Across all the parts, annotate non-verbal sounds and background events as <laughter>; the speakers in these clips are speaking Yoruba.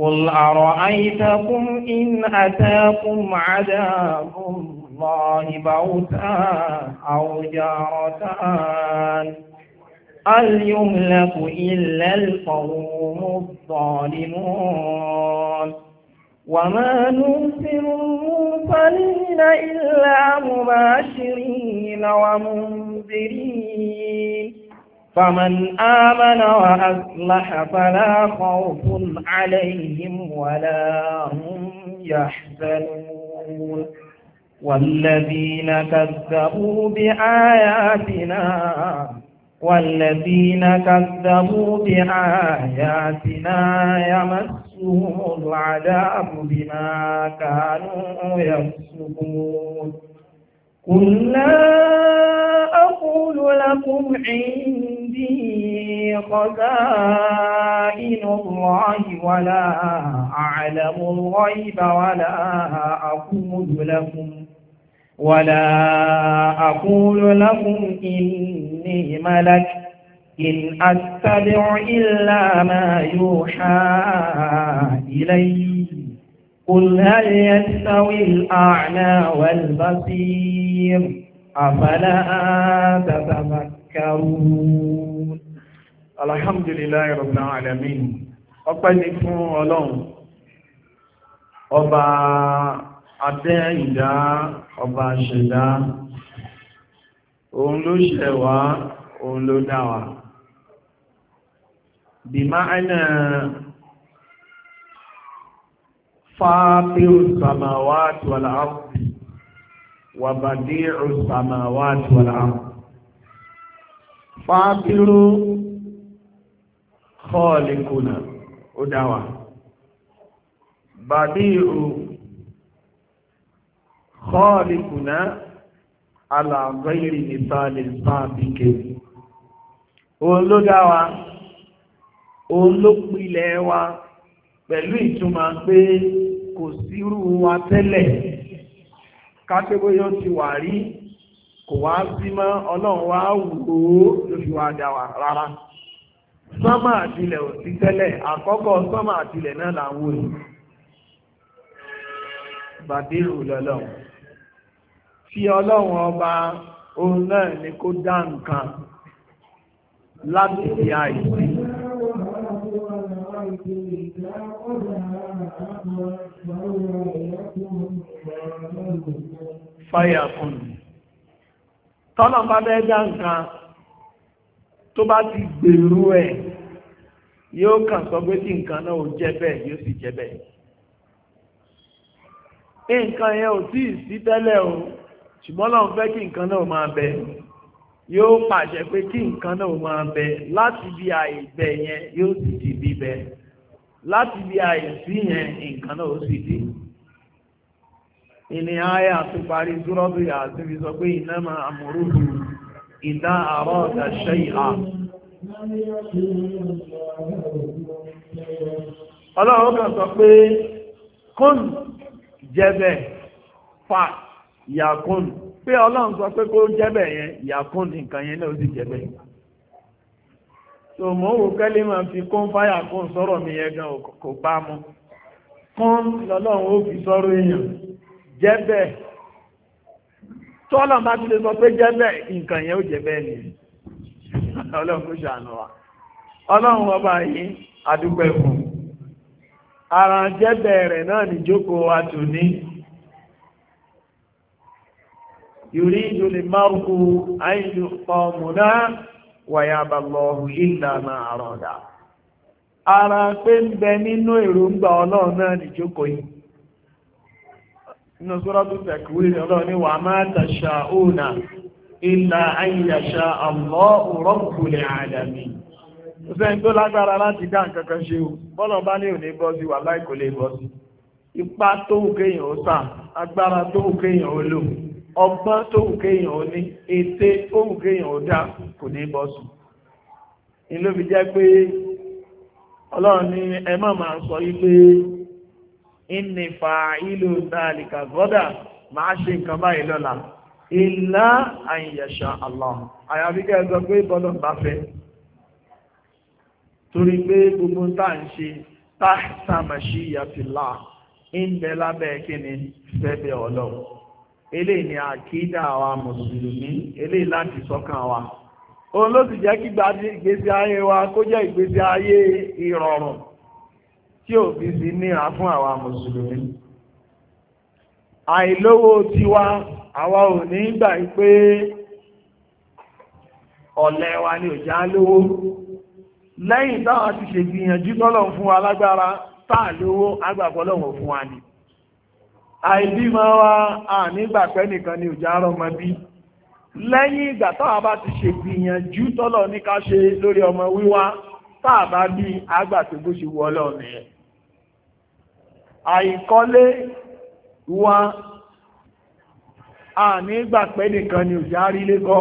قل أرأيتكم إن أتاكم عذاب الله بوتا أو جارتان هل يملك إلا القوم الظالمون وما نرسل المرسلين إلا مباشرين ومنذرين فمن آمن وأصلح فلا خوف عليهم ولا هم يحزنون والذين كذبوا بآياتنا والذين كذبوا بآياتنا يمسهم العذاب بما كانوا يفسقون قل لا أقول لكم عندي خزائن الله ولا أعلم الغيب ولا أقول لكم ولا أقول لكم إني ملك إن أتبع إلا ما يوحى إلي قل هل يستوي الأعمى والبصير أفلا تتفكرون الحمد لله رب العالمين ọpẹ́ ni fún ọlọ́run ọba adẹ́ ìdá ọba ṣẹ̀dá òun ló ṣẹ̀ wá òun ló dá wa bí وبديع السماوات والأرض فاطر خالقنا أدوى بديع خالقنا على غير مثال سابق òun ló dá wa òun ló pilẹ̀ wa pẹ̀lú ìtumọ̀ pé kò sírú wa tẹ́lẹ̀ kápébó yóò ti wà rí kò wá sí mọ́ ọlọ́run wá wò ó ló fi wá dá wa rárá sọ́mà àtìlẹ̀ ò sí tẹ́lẹ̀ àkọ́kọ́ sọ́mà àtìlẹ̀ náà là ń wò ní bàdírù lọ́lọ́run tí ọlọ́run ọba òun náà ni kó dá nǹkan láti fi àìsí الأرض إذا قضاها أمرا فهو يكون fáyàkùn tọ́nà bá bẹ́ẹ̀dá nǹkan tó bá ti gbèrú ẹ̀ yóò kàn sọ pé tí nǹkan náà ò jẹ́ bẹ́ẹ̀ yóò sì jẹ́ bẹ́ẹ̀ nǹkan yẹn ò tíì sí tẹ́lẹ̀ o ṣùgbọ́n náà fẹ́ kí nǹkan náà máa bẹ́ẹ̀ yóò pàṣẹ pé kí nǹkan náà máa bẹ láti bí àìbẹ yẹn yóò sì di bíbẹ láti bí àìsí yẹn nǹkan náà ó sì di ìní àyà tó parí zúrọ́bì sọ pé iná máa múrú ìdá àárọ̀ ìhà ọlọ́run kan sọ pé jẹ́bẹ̀ pé ọlọ́run sọ pé kó jẹ́bẹ̀ yẹn ìyàkún nìkan yẹn náà sì jẹ́bẹ̀ tòmọ́ wò ma fi kún fáyà kún sọ̀rọ̀ mi yẹn gan kò bá mu kún lọ́lọ́run ó fi sọ̀rọ̀ èèyàn jẹ́bẹ̀ tọ́lọ̀ bá ti lè sọ pé jẹ́bẹ̀ nǹkan yẹn ó jẹ́bẹ̀ ni ọlọ́run kò ṣàánú wa ọlọ́run ara jẹ́bẹ̀ rẹ̀ náà wa يريد المرء أن يعطى ويابى الله إلا ما أراد ara pé ń bẹ nínú èròǹgbà ọlọ́run náà nìjókòó yìí inú sọ́rọ́tù tẹ̀kùwé ọlọ́run ní wà máa tàṣà àmọ́ àdàmì tó lágbára láti dá nǹkan ṣe bọ́lọ̀ bá ní òní bọ́ wà láì kò lè ipá tó ọgbọ́n tó wù kéèyàn ó ní ète ó wù kéèyàn ó dá kò ní bọ́ sùn ní ló fi jẹ́ pé ọlọ́run ní ẹ má máa sọ yí pé ìní fa ìlú dàlíkà gọ́dà máa ṣe nǹkan báyìí lọ́la ìlà àyẹ̀ṣà Allah àyàfi kẹ́ ẹ sọ pé bọ́lọ̀ bá fẹ́ torí pé gbogbo tá à ń ṣe tá sàmàṣí yàtìlá ń kíni fẹ́ bẹ ọlọ́run eléyìí ni àkídà àwa mùsùlùmí eléyìí láti sọ́kàn wa òun ló sì jẹ́ kí ìgbésí ayé wa kó jẹ́ ìgbésí ayé ìrọ̀rùn tí ò fi sí níra fún àwa mùsùlùmí àìlówó tiwa àwa ò ní gbà pé ọ̀lẹ wa ni ò já lówó lẹ́yìn táwa ti ṣègbìyànjú tọ́lọ̀ fún wa lágbára táà lówó agbàgbọ́lọ́wọ̀ fún wa ni àìbímọ wa ànígbàpẹ́ nìkan ni òjá rọmọ bí lẹ́yìn ìgbà táwa bá ti ṣe gbìyànjú tọ́lọ̀ ní ká ṣe lórí ọmọ wíwá táà bá bí àgbà tó bó ṣe wọ ọlọ́run nìyẹn àìkọ́lé wa ànígbàpẹ́ nìkan ni òjá rí lẹ́kọ́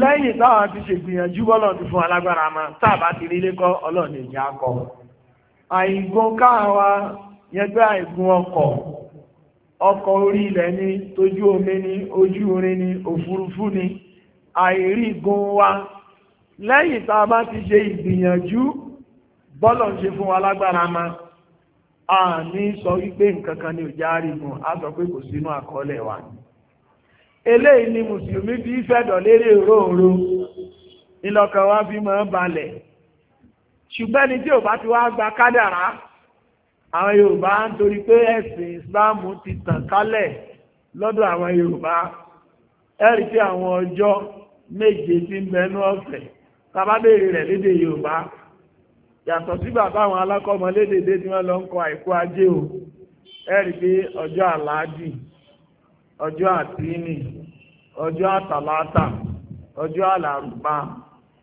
lẹ́yìn táwa ti ṣe gbìyànjú bọ́lọ̀ ti fún alágbára mọ́ táà ti rí lẹ́kọ́ ọlọ́run ìjà kọ àìgùn káà yẹgbẹ́ àìgùn ọkọ̀ ọkọ̀ orí ilẹ̀ ni tójú omi ni ojú orin ni òfurufú ni àìrí gun wa lẹ́yìn tá a bá ti ṣe ìgbìyànjú bọ́lọ̀ ṣe fún wa lágbára ma a ní sọ wípé nǹkan ni òjá rí gun a sọ pé kò sínú àkọọ́lẹ̀ wa eléyìí ni mùsùlùmí fi fẹ́dọ̀ lérè òróòró ìlọ́kàn wa fi máa balẹ̀ ṣùgbẹ́ni tí ò bá ti wá gba kádàrá àwọn yorùbá ń torí pé ẹ̀sìn islam ti tàn kálẹ̀ lọ́dọ̀ àwọn yorùbá ẹ̀rí pé àwọn ọjọ́ méje ti ń bẹnu ọ̀sẹ̀ tàbá béèrè rẹ̀ lédè yorùbá yàtọ̀ sígbà àwọn alákọ̀ọ́mọ lédèdè tí wọ́n lọ ń kọ àìkú ajé o ẹ̀rí pé ọjọ́ àlàájì ọjọ́ àtìní ọjọ́ àtàlátà ọjọ́ àlàrùbá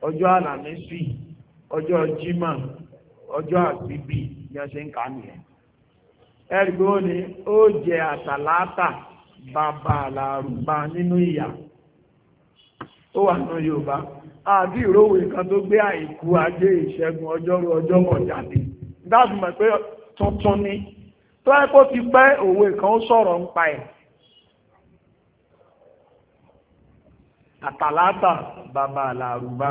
ọjọ́ àlàmísì ọjọ́ jímọ̀ ọjọ́ àtìbí yọ ṣe ń kà nìyẹn ẹ̀rìgbó ni ó jẹ àtàlátà bàbá àlàrùbá nínú ìyà ó wà nínú yorùbá àbí ìrówé kan tó gbé àìkú ajé ìṣẹ́gun ọjọ́rú ọjọ́bọ̀ jáde dáàbì pé tuntun ni tó ẹ kó ti pẹ́ òwe kan sọ̀rọ̀ ń pa ẹ̀ àtàlátà bàbá àlàrùbá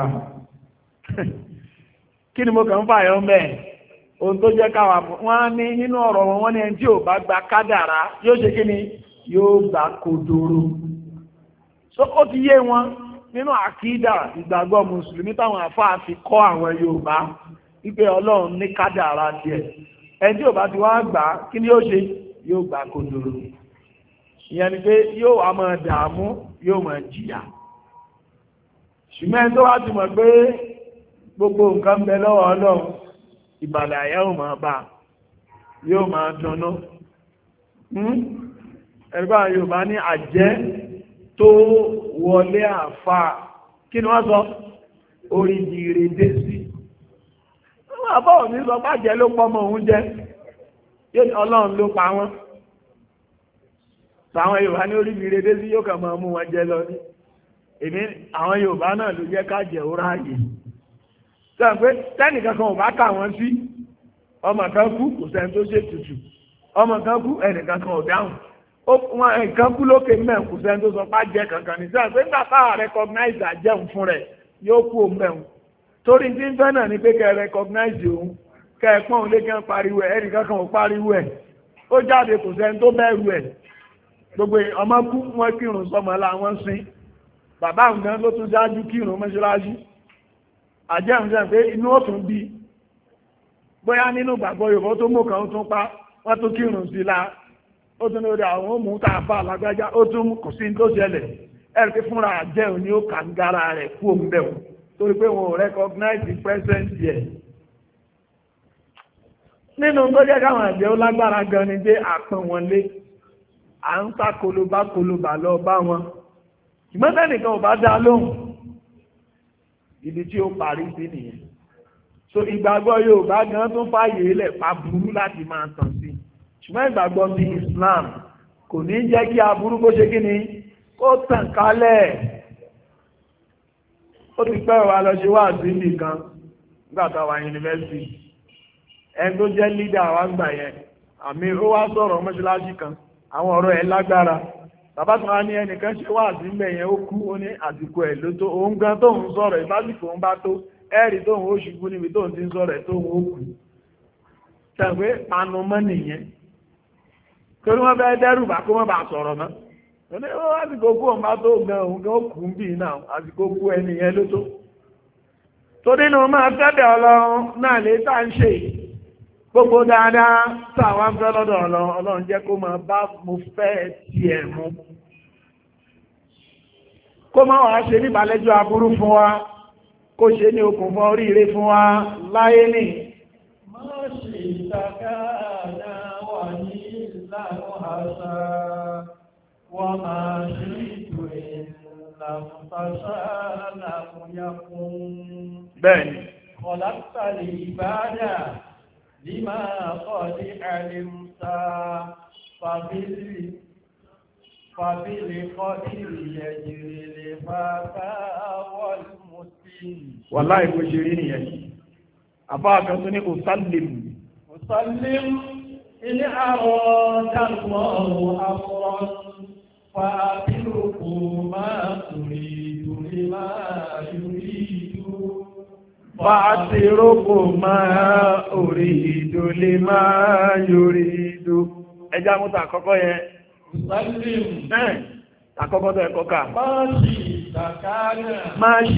<laughs> kí ni mo kàn ń fàyọ́ mẹ́ẹ̀ ohun tó jẹ́ káwà wọn ní nínú ọ̀rọ̀ wọn wọ́n ní ẹni tí ò bá gba kádàrá yóò ṣe kí ni yóò kodoro so ó ti yé wọn nínú àkídà ìgbàgbọ́ mùsùlùmí táwọn àfáà fi kọ́ àwọn Yorùbá wípé Ọlọ́run ní kádàrá ẹni tí ò bá kodoro ìyẹn ni pé yóò wá máa dààmú yóò máa jìyà ṣùgbọ́n ẹni gbogbo nǹkan ìbàlẹ̀ àyà ò máa bá yóò máa dùnnú hmm? ẹgbà Yorùbá ní àjẹ́ tó wọlé àfà kí ni wọ́n sọ orí jìrì dé sí àbọ̀wọ̀ mi sọ pàjẹ́ ló pọ́mọ òun jẹ́ ọlọ́run ló pa wọ́n àwọn Yorùbá ní orí jìrì dé sí yóò kàn máa mú wọn jẹ lọ ní èmi àwọn Yorùbá náà ló jẹ́ ká jẹ́ ó sọ pé tẹ́nìkan kan ò bá kà wọ́n sí ọmọ kan kú kò sẹ́ni tó ṣe tutù ọmọ kan kú ẹnìkan kan ò dáhùn wọn nǹkan kú lókè mẹ́rin kò sẹ́ni tó sọ pé àjẹ́ kankan ní sọ pé nígbà táwọn recognize àjẹun fún rẹ̀ yóò kú òun mẹ́rin torí tí ń fẹ́ náà ni pé kẹ́ recognize òun kẹ́ ẹ̀ pọ́n òun lé kí wọ́n pariwo ẹ̀ ẹnìkan kan ò pariwo ẹ̀ ó jáde kò sẹ́ni tó bẹ̀rù ẹ̀ gbogbo ọmọ kú wọn kírun sọmọ àjẹ́mùsẹ́ pé inú ọ̀tún bí bóyá nínú gbàgbọ́ Yorùbá tó mú kan tún pa wọ́n tún kírun sí la ó tún lórí àwọn òmù tá a bá alágbájá ó tún kò sí tó ṣẹlẹ̀ ẹ̀rù pé fúnra àjẹ́ òní ó kà ń gara rẹ̀ kú òun bẹ̀ wọ́n torí pé wọn ò recognize the presence yẹn nínú tó jẹ́ káwọn àjẹ́ ó lágbára gan ni pé àpọ̀n wọn lé à ń sá kolobá lọ bá wọn ìmọ̀tẹ́nìkan ò bá dá lóhùn ibi tí ó parí sí nìyẹn so ìgbàgbọ́ Yorùbá gan tún fàyè ilẹ̀ pa burú láti máa tàn sí ṣùgbọ́n ìgbàgbọ́ ti Islam kò ní jẹ́ kí aburú bó ṣe kí ni kó tàn kálẹ̀ ó ti pẹ́ wa lọ ṣe wá sí nìkan nígbà tá a wà yunifásitì ẹni tó jẹ́ lídà wa gbà yẹn àmì ó wá sọ̀rọ̀ mọ́ṣáláṣí kan àwọn ọ̀rọ̀ ẹ̀ lágbára bàbá tó ní ṣe wà sí ilẹ̀ yẹn ó kú ó ní àsìkò ẹ̀ ló tó òun gan tó sọ̀rọ̀ ìbásìkò ń bá tó ẹ̀rì tó ó ṣubú níbi tó ti ń sọ̀rọ̀ ó kú nìyẹn wọ́n dẹ́rù bá kó wọ́n bá sọ̀rọ̀ mọ́ ní ó kú òun bá tó gan òun gan ó kú ń náà kú ẹnìyẹn ló tó torí nu máa fẹ́ bẹ̀ gbogbo dáadáa táwọn ń fẹ́ lọ́dọ̀ ọlọ́run jẹ́ kó máa bá mo fẹ́ tiẹ̀ mu kó máa wàá ṣe níbàlẹ́jọ́ aburú fún wa kó ṣe ní okùn fún oríire fún wa láyé nì. má ṣe ìtàkà náà wà ní ìlànà àṣà wọ́n máa ṣe ètò ìlànà àṣà làkúnyàkún. bẹ́ẹ̀ni. kọ̀lápàlì ìbáàdà. لما قد علمت فبال فبالقدر يجري الفتى والمسلم والله kò ṣe rí nìyẹn àbá kan tó ní usallim usallim ilé àrọ̀ dàgbọ́ àfọ̀rọ̀ fàbílùkù máa tùrì tùrì máa. fàátìrókò máa orí ìdò lè máa yorí ìdò ẹjá mú tàkọ́kọ́ yẹn àkọ́kọ́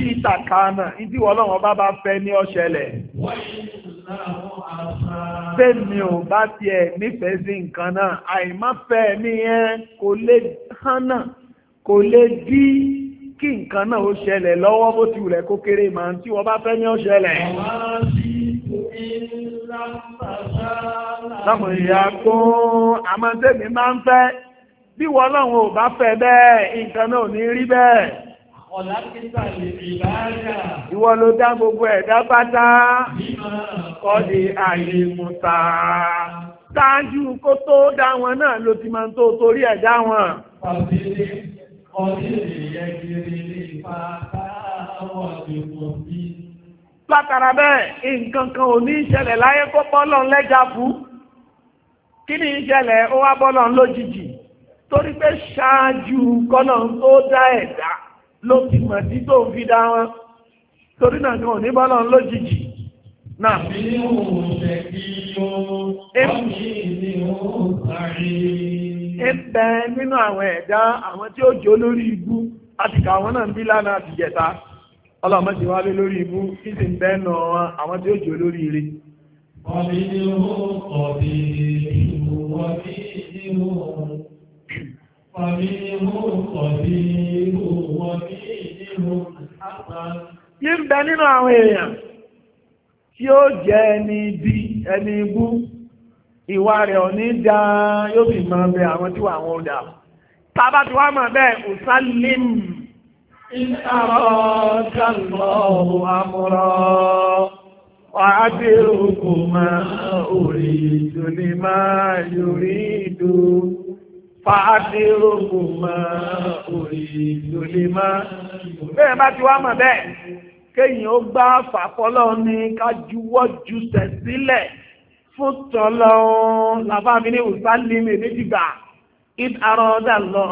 ìtàkánà ìdí wọ́lọ́wọ́ bá bá fẹ́ ní ọ̀ṣẹlẹ̀ tẹ́mi ò bá tiẹ̀ nífẹ̀ẹ́ sí nǹkan náà àìmáfẹ́ ní ẹ́ kò lè hánà kò lè dí kí nǹkan náà ó ṣẹlẹ̀ lọ́wọ́ bó ti wùlẹ̀ kó kéré màá tí wọ́n bá fẹ́ ní ó ṣẹlẹ̀. láwọn ìyá kún àmọ́tẹ́mi máa ń fẹ́ bí wọ́n lọ́hùn ò bá fẹ́ bẹ́ẹ̀ nǹkan náà ò ní rí bẹ́ẹ̀. Ìwọ ló dá gbogbo ẹ̀dá pátá, kọ́ di àyè mùtà. Ṣáájú kó tó dá wọn náà ló ti máa ń tó torí ẹ̀dá wọn. Látara bẹ́ẹ̀, nǹkan kan ò ní ìṣẹ̀lẹ̀ láyé kó bọ́lọ̀ lẹ́jà bú. Kí ni ìṣẹ̀lẹ̀ ó wá bọ́lọ̀ lójijì? Torí pé ṣáájú kọ́nà tó dá ẹ̀dá ló ti mọ̀ sí tó fi dá wọn. Torí náà ni ò ní bọ́lọ̀ lójijì. Náà. Àbí òun ṣẹ̀ kí ó, ó ní ìdí òun ẹ̀bẹ̀ nínú àwọn ẹ̀dá àwọn tí ó jó lórí ibú àti kà náà ń bí lánàá àti jẹta ọlọ́mọ ti wálé lórí ibú kí sì ń bẹ́ nà àwọn tí ó jó lórí ire. Yí ń bẹ nínú àwọn èèyàn tí ó jẹ́ ẹni bí ẹni ibú ìwà rẹ̀ ọ̀ní dáa yóò sì máa bẹ àwọn tí wà wọn dà tàbá tí wá máa bẹ́ẹ̀ òsálìm ìsàrọ̀kàlọ̀ àmúrọ̀ àádẹ́rùkù máa orí ìdò ní máa yorí ìdò fàádẹ́rùkù máa orí ìdò bẹ́ẹ̀ bá ti wá máa bẹ́ẹ̀ kéèyàn ó gbá fàfọ́lọ́ ní kájúwọ́ jù tẹ̀ sílẹ̀ fún tọ́lọ́run làbá mi ní ìsálímì It id arọ́dà lọ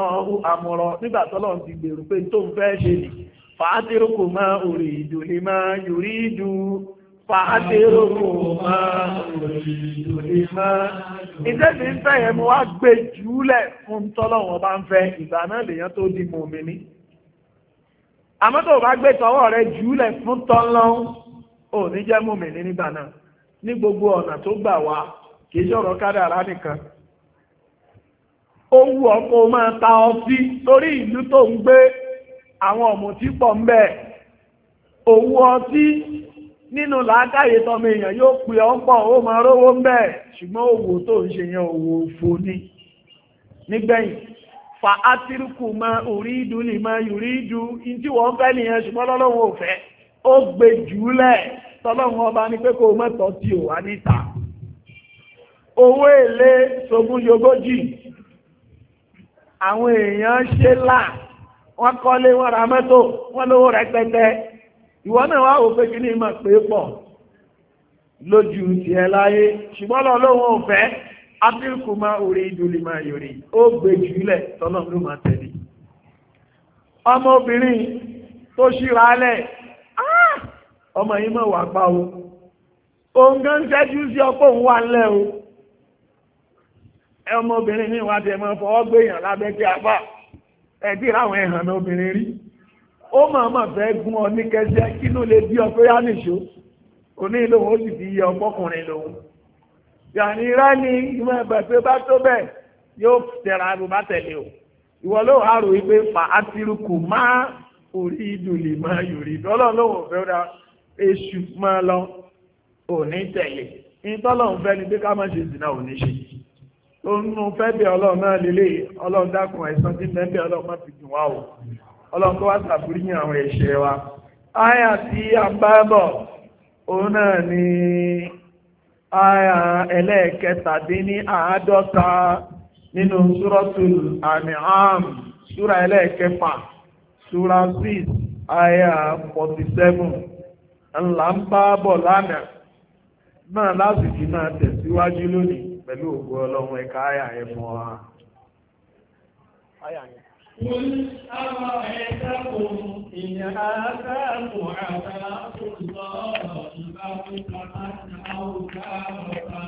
àmọ̀rọ̀ nígbà tọ́lọ́run ti gbèrú pé tó ń fẹ́ ṣe nì fàátírùkù máa òrì ìdù ní máa yòrí ìdù fàátírùkù máa òrì ìdù ní máa ìdẹ́bí ń fẹ́ yẹn mo wá gbé jùúlẹ̀ fún tọ́lọ́run bá ń fẹ́ ìgbà náà lèèyàn tó di mòmìnì àmọ́ tó bá gbé tọwọ́ rẹ jùúlẹ̀ fún tọ́lọ́run ò ní jẹ́ mòmìnì nígbà náà ní gbogbo ọ̀nà tó gbà wá kìí ṣọ̀rọ̀ ara nìkan ó wù ọkọ máa ta ọtí torí ìlú tó ń gbé àwọn tí pọ̀ ń bẹ̀ òwú ọtí nínú làákàyè tọmọ èèyàn yóò pè ọ̀pọ̀ ó máa rówó ń bẹ̀ ṣùgbọ́n òwò tó ma orí idu máa wọ́n fẹ́ nìyẹn ṣùgbọ́n lọ́lọ́wọ́ òfẹ́ ó tọ́lọ́run ọba ní pé kó mẹ́tọ̀ tí ò wá níta owó èlé sogún yogójì àwọn èèyàn ṣe là wọ́n kọ́lé wọ́n ra mọ́tò wọ́n lówó rẹpẹtẹ ìwọ náà wá òfin kí ní mọ̀ pé pọ̀ lójú ti ẹ láyé ṣùgbọ́n lọ lóhun òfẹ́ áfíríkù máa orí ìdúlé máa yòrí ó gbé jùlẹ̀ tọ́lọ́run ló máa tẹ̀lé ọmọbìnrin tó ṣíra alẹ́ ọmọ yìí mọ̀ wà pa o òun gan ń ṣẹ́jú sí ọkọ̀ òun wà ńlẹ̀ o ẹ ọmọbìnrin ní ìwádìí ẹ̀mọ́ fọwọ́ gbéyàn lábẹ́ kí apá ẹ̀dí ìráwọn ẹ̀hàn náà obìnrin rí ó máa máa fẹ́ gún ọ ní kẹsẹ́ kí ló lè bí ọkọ̀ yá nìṣó òní lòun ó sì fi yẹ ọmọkùnrin lòun yàní rá ní ìmọ̀ ẹ̀bẹ̀ pé bá tó bẹ́ẹ̀ yóò tẹ̀ra arò bá tẹ̀lé o ìwọ ló harò wípé fà á ti má orí ìdùnnì má yòrì dọ́lọ́ lòun ò èṣù máa lọ òní tẹ̀lé ìtọ́lọ́run fẹ́ ni pé ká má ṣe zìnà òní ṣe tó nínú fẹ́ bí ọlọ́run náà lélẹ̀ ọlọ́run dákun ẹ̀san tí mẹ́ bí ọlọ́run má fi jùn wá o ọlọ́run tó wá sàbúrí ní àwọn ẹ̀ṣẹ̀ wa áyà tí a ń bá bọ̀ òun náà ni áyà ẹlẹ́ẹ̀kẹtàdínní àádọ́ta nínú súrọ́tul An'am súra ẹlẹ́ẹ̀kẹfà súra 6 áyà 47 ńlá ń bá bọ̀ lánàá náà lásìkò náà tẹ̀síwájú lónìí pẹ̀lú ògo ọlọ́run ẹ̀ka àyà ẹ̀ mọ́ wa. Kul àwọn ẹ̀dàkùn ìyá àtàkùn àtàkùn lọ́rọ̀ ìbáwí pàtàkì àwùjá ọ̀tá.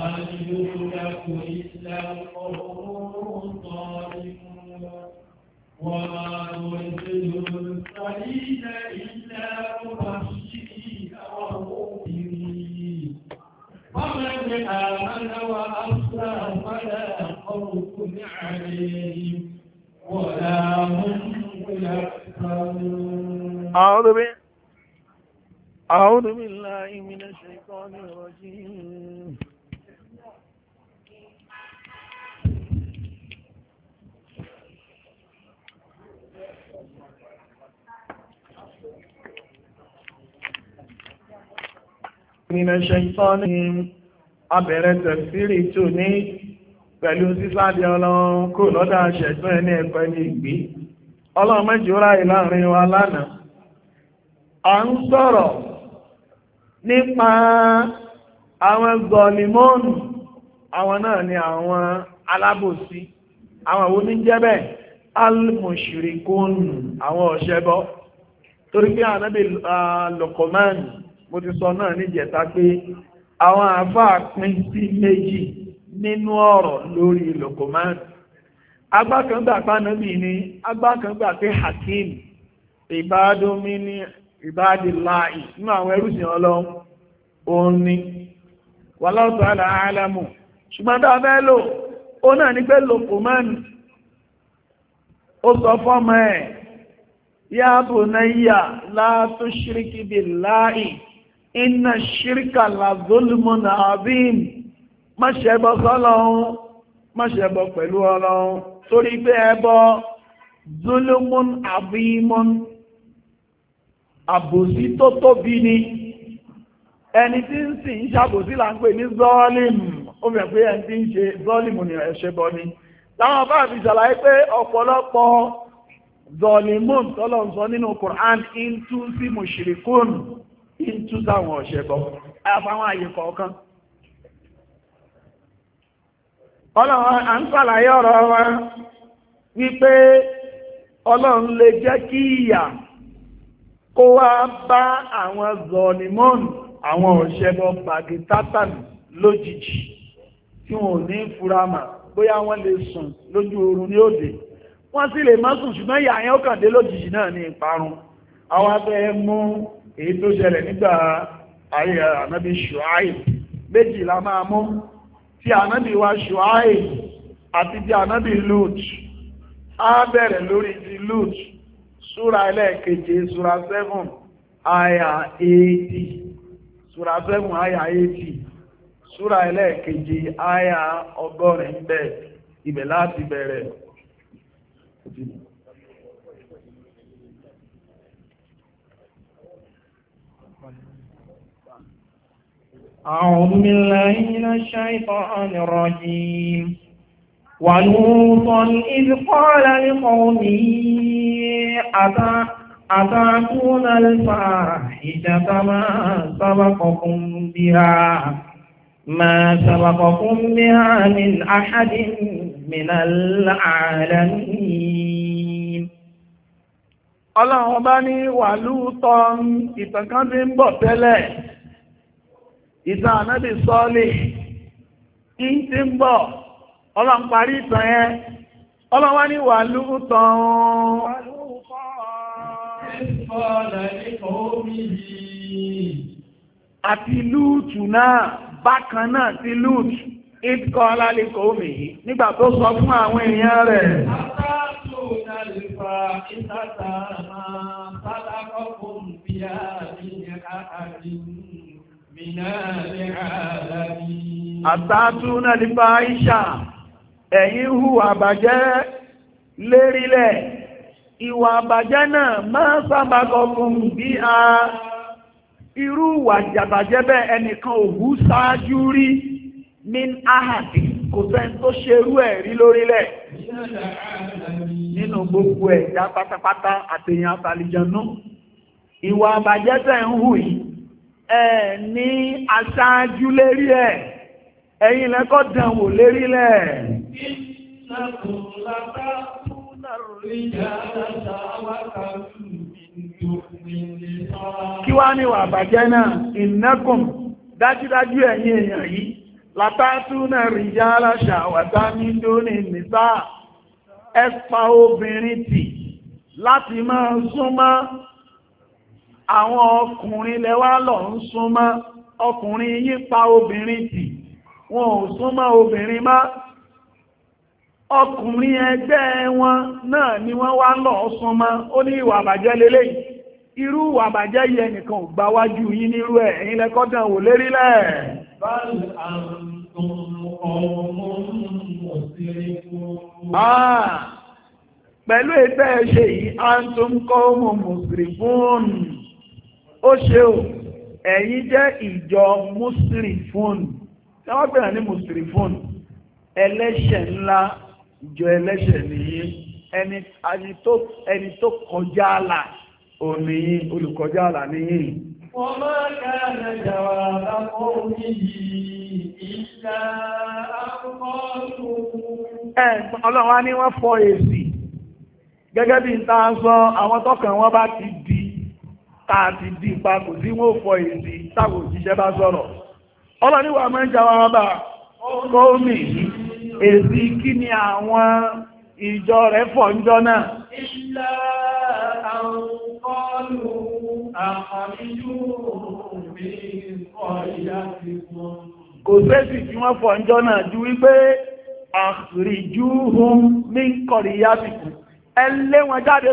Àyùkà kò ìlà ọ̀rọ̀ وما نرسل المرسلين إلا مبشرين ومؤمنين فمن آمن وأصلح فلا خوف عليهم ولا هم يحزنون أعوذ بالله أعوذ بالله من الشيطان الرجيم من الشيطان abẹ̀rẹ̀ tẹ̀sírì tó ní pẹ̀lú sísáàdì ọlọ́run kò lọ́dá ṣẹ̀tún ẹni ẹ̀kọ́ ẹni ìgbé ọlọ́run mẹ́jọ́ra ìlàrin wa lánàá a ń sọ̀rọ̀ nípa àwọn gọ̀lìmọ́ọ̀nù àwọn náà ni àwọn alábòsí àwọn àwọn oníjẹ́bẹ̀ almushirikun àwọn ọ̀ṣẹ́bọ torí pé ànábì ah, Luqman mo ti sọ náà pe pé àwọn àáfàá pín sí méjì nínú ọ̀rọ̀ lórí Luqman agbákangbà ni agbákangbà pé hakim ìbádómi ní ìbádìláì nínú àwọn ẹrúsìn ọlọ́run òun ni wallahu a'lamu ṣùgbọ́n tá a fẹ́ lò ó náà ní pé Luqman ó sọ fọ́mọ ẹ̀ yáàbò náà yà iná ṣíríkà làzólùmọ́nà àbíìn má ṣẹbọ sọ́lọ́run má ṣẹbọ pẹ̀lú ọlọ́run torí pé ẹbọ zólùmọ́n àbíìmọ́n àbòsí tó tóbi ni ẹni tí ń sì ń ṣàbòsí là ń pè ní zọ́ọ̀lìmù ó fẹ́ pé ẹni tí ń ṣe zọ́ọ̀lìmù ni ẹ̀ṣẹ̀bọ ni láwọn bá fi ṣàlàyé pé ọ̀pọ̀lọpọ̀ zọ́ọ̀lìmù tọ́lọ̀ sọ nínú Qur'an ń tú sí mùṣìríkùn ń tú sáwọn ọ̀ṣẹ́ bọ́ àfáwọn àyè kọ̀ọ̀kan ọlọ́run à ń sàlàyé ọ̀rọ̀ wa wípé ọlọ́run lè jẹ́ kí ìyà kó wá bá àwọn zọ̀nìmọ́ọ̀nù àwọn ọ̀ṣẹ́ bọ́ pàdé tátàlì lójijì tí wọn ò ní fura mà bóyá wọ́n lè sùn lójú oorun ní òde wọ́n sì lè má sùn ṣùgbọ́n ìyà yẹn ó kàn dé lójijì náà ní ìparun àwọn abẹ́ mú èyí tó ṣẹlẹ̀ nígbà ayé ànábì ṣùáì méjì la máa mú ti ànábì wa ṣùáì àti ti ànábì lut á bẹ̀rẹ̀ lórí ti lut súra ẹlẹ́ẹ̀keje súra 7 àyà 80 súra 7 àyà 80 súra ẹlẹ́ẹ̀keje àyà ọgọ́rin bẹ́ẹ̀ ibẹ̀ láti bẹ̀rẹ̀ Thank you. أعوذ بالله من الشيطان الرجيم ولوطا إذ قال لقومه أتا أتأتون الفاحشة ما سبقكم بها ما سبقكم بها من أحد من العالمين Ọlọ́run أباني ní إذا كان bí ìtàn ànábì sọ́ọ́lì ń ti ń bọ̀ ọlọ́run parí ìtàn yẹn ọlọ́run wá ní wà lóòótọ́ àti lúùtù náà bákan náà ti lúùtù ìtkọ́ alálẹ́kọ̀ omi yìí nígbà tó sọ fún àwọn èèyàn rẹ̀ Ìtàtà máa sálákọ́ fún bí i àmì ẹ̀ká àti àtàtúnà nípa ìṣà ẹ̀yin hù àbàjẹ́ lérílẹ̀ ìwà àbàjẹ́ náà máa sábàkọ fún bí a irú iru jàbàjẹ́ bẹ́ẹ̀ ẹnìkan òwú ṣáájú rí ní ahàdì kò sẹ́ni tó ṣerú ẹ̀ rí lórílẹ̀ nínú gbogbo ẹ̀dá pátápátá àtèyàn àtàlìjànú ìwà àbàjẹ́ tẹ̀ ń hù yìí ẹ ní aṣáájú lérí ẹ̀ ẹ̀yin lẹ́kọ́ dánwò lérí lẹ̀. kí wá ní ìwà àbàjẹ́ náà ìnákùn dájúdájú ẹ̀yin èèyàn yìí látàtúnà rìjálá ṣàwàtà ní dóní nìsá ẹ pa obìnrin tì láti máa súnmọ́ àwọn ọkùnrin lẹ́wà lọ ń súnmọ́ ọkùnrin yí pa obìnrin tì wọn ò súnmọ́ obìnrin má ọkùnrin ẹgbẹ́ wọn náà ni wọ́n wá lọ súnmọ́ ó ní ìwà àbàjẹ́ lélẹ̀ irú ìwà àbàjẹ́ yìí ẹnìkan ò gbà wájú yín nírú ẹ̀ ẹ̀yin lẹ́kọ́dàn wò lérílẹ̀ ah, pẹ̀lú ìtẹ́ ẹ̀ṣẹ̀ yìí a kọ́ ọmọ mùsùlùmí ó ṣe o ẹ̀yin jẹ́ ìjọ mùsùlùmí táwọn pè náà ní mùsùlùmí ẹlẹ́ṣẹ̀ ńlá ìjọ ẹlẹ́ṣẹ̀ nìyí ẹni tó kọjá àlà òní olùkọjá àlà nìyí Ọmọ kààrẹ jàwà àpọ̀ òyìí ìṣà àpọ̀ òun. Ẹ̀ ọlọ́wà ní wọ́n fọ́ èsì. Gẹ́gẹ́ bí ń ta sọ àwọn tọ́kàn wọn bá ti káà ti di ipa kò sí wọ́n fọ èsì táwọn bá sọ̀rọ̀ ọlọ́níwà máa ń jáwọ́ kọ́ọ̀mì èsì kí ni àwọn ìjọ rẹ̀ fọ̀ ń jọ náà mi kọ ìyá ti wọn kò sẹ́sì tí wọ́n fọ̀ ń jọ náà ju wípé àrìjú hun ti kù jáde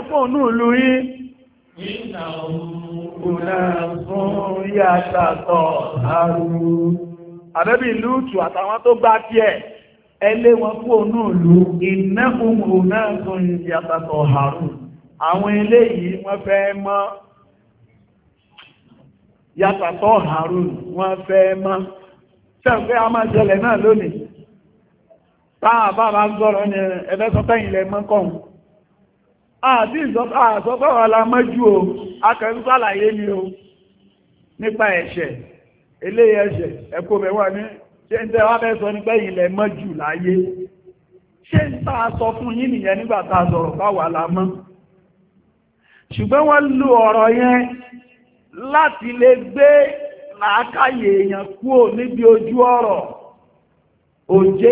Àbẹ́bí Lútù àtàwọn tó gbá tí ẹ̀, ẹlé wọn kú ònú ìlú iná òmùrù náà tó ń yàtàtọ̀ àrùn. Àwọn ilé yìí wọ́n fẹ́ mọ́ yàtàtọ̀ àrùn wọ́n fẹ́ mọ́. Ṣẹ́gbẹ́ a máa jẹlẹ̀ náà lónìí. Táà bá bá àti ìsọpọ̀wà mọ́jú o akẹ́sàlàyé ni o nípa ẹ̀ṣẹ̀ eléyìí ẹ̀ṣẹ̀ ẹ̀kọ́ mẹ́wàá ní ṣe ń tẹ́wàá bẹ́ sọ nípa ilẹ̀ mọ́jú láyé ṣe ń ta sọ fún yín nìyẹn a sọ̀rọ̀ báwa mọ́ ṣùgbọ́n wọ́n lo ọ̀rọ̀ yẹn láti lè gbé làákàyè èèyàn níbi ojú ọ̀rọ̀ òjé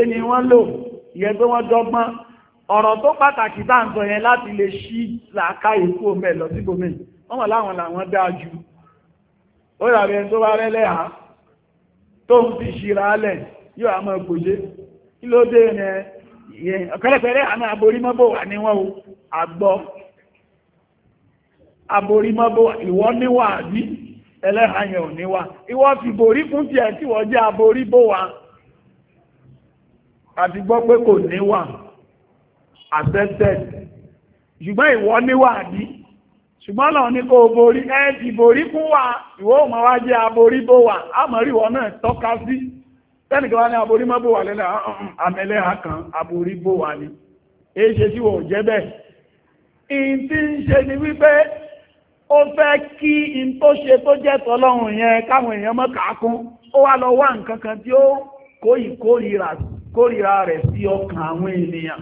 ọ̀rọ̀ tó pàtàkì tá à ń sọ yẹn láti lè ṣí làákà ikú omi ẹ̀ sí gómi wọ́n mọ̀ láwọn làwọn dáa ju ó rà bẹ́ẹ̀ tó bá rẹ́lẹ̀ á tó ń fi ṣìra alẹ̀ yóò àmọ́ ìpòjé kí ló dé yẹn ọ̀kẹ́lẹ̀pẹ̀lẹ̀ àmọ́ aborímọ́bò wà níwọ̀n o àgbọ́ aborímọ́bò ìwọ níwà àbí ẹlẹ́hàyàn ò níwà ìwọ fi borí fún tiẹ̀ tí wọ́n jẹ́ aboríbò wa àti gbọ́ pé kò níwà accepted ṣùgbọ́n ìwọ niwadi ṣùgbọ́n náà ní kó borí ẹ ti fún wa ìwọ ò wa wá aborí bó wà àmọ́rí ìwọ náà tọ́ka sí tẹ́nìkan wá ní aborí mọ́ bó wà ah, ah, ah, kan aborí bó wà ní ṣe wọ́n jẹ́ ni wípé ó fẹ́ kí in tó ṣe tó jẹ́ tọ́lọ́run yẹn káwọn èèyàn mọ́ kàákún ó wá lọ wá nǹkan kan tí ó kó rẹ̀ sí ọkàn àwọn ènìyàn